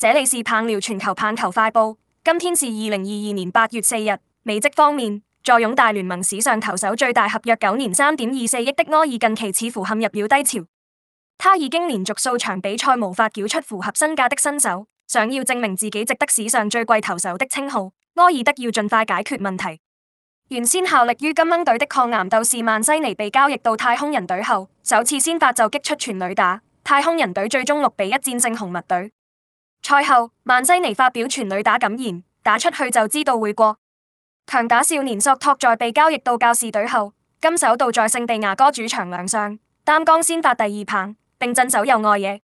這裏是棒聊，全球棒球快報。今天是二零二二年八月四日。美職方面，在勇大聯盟史上投手最大合約九年三點二四億的柯爾近期似乎陷入了低潮。他已經連續數場比賽無法繳出符合身價的身手，想要證明自己值得史上最貴投手的稱號，柯爾德要盡快解決問題。原先效力於金鶯隊的抗癌鬥士曼西尼被交易到太空人隊後，首次先發就擊出全壘打，太空人隊最終六比一戰勝紅襪隊。賽後，曼西尼發表全壘打感言：打出去就知道會過。強打少年索托在被交易到教士隊後，今首度在聖地牙哥主場亮相，擔綱先發第二棒，並鎮守右外野。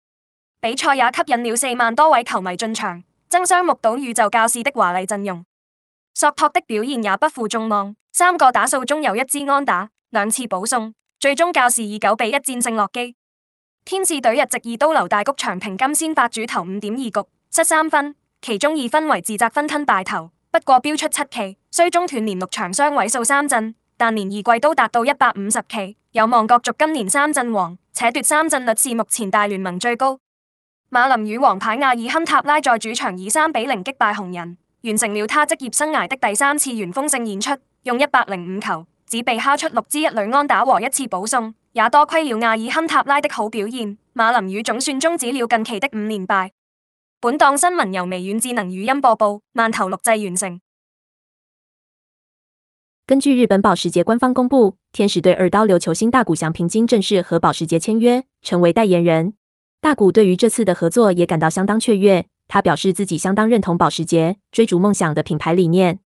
比賽也吸引了四萬多位球迷進場，爭相目睹宇宙教士的華麗陣容。索托的表現也不負眾望，三個打數中有一支安打，兩次保送，最終教士以九比一戰勝洛基。天使隊日籍二刀流大谷翔平今先發主投五點二局失三分，其中二分為自責分吞敗投。不過飆出七期，雖中斷連六場雙位數三振，但連二季都達到一百五十期，有望角逐今年三振王，且奪三振率是目前大聯盟最高。馬林魚王牌亞爾坎塔拉在主場以三比零擊敗紅人，完成了他職業生涯的第三次完封勝演出，用一百零五球，只被敲出六支一壘安打和一次保送。也多虧了阿爾坎塔拉的好表現，馬林魚總算終止了近期的五連敗。本檔新聞由微軟智能語音播報，慢頭錄製完成。根據日本保時捷官方公布，天使隊二刀流球星大谷翔平今正式和保時捷簽約，成為代言人。大谷對於這次的合作也感到相當雀躍，他表示自己相當認同保時捷追逐夢想的品牌理念。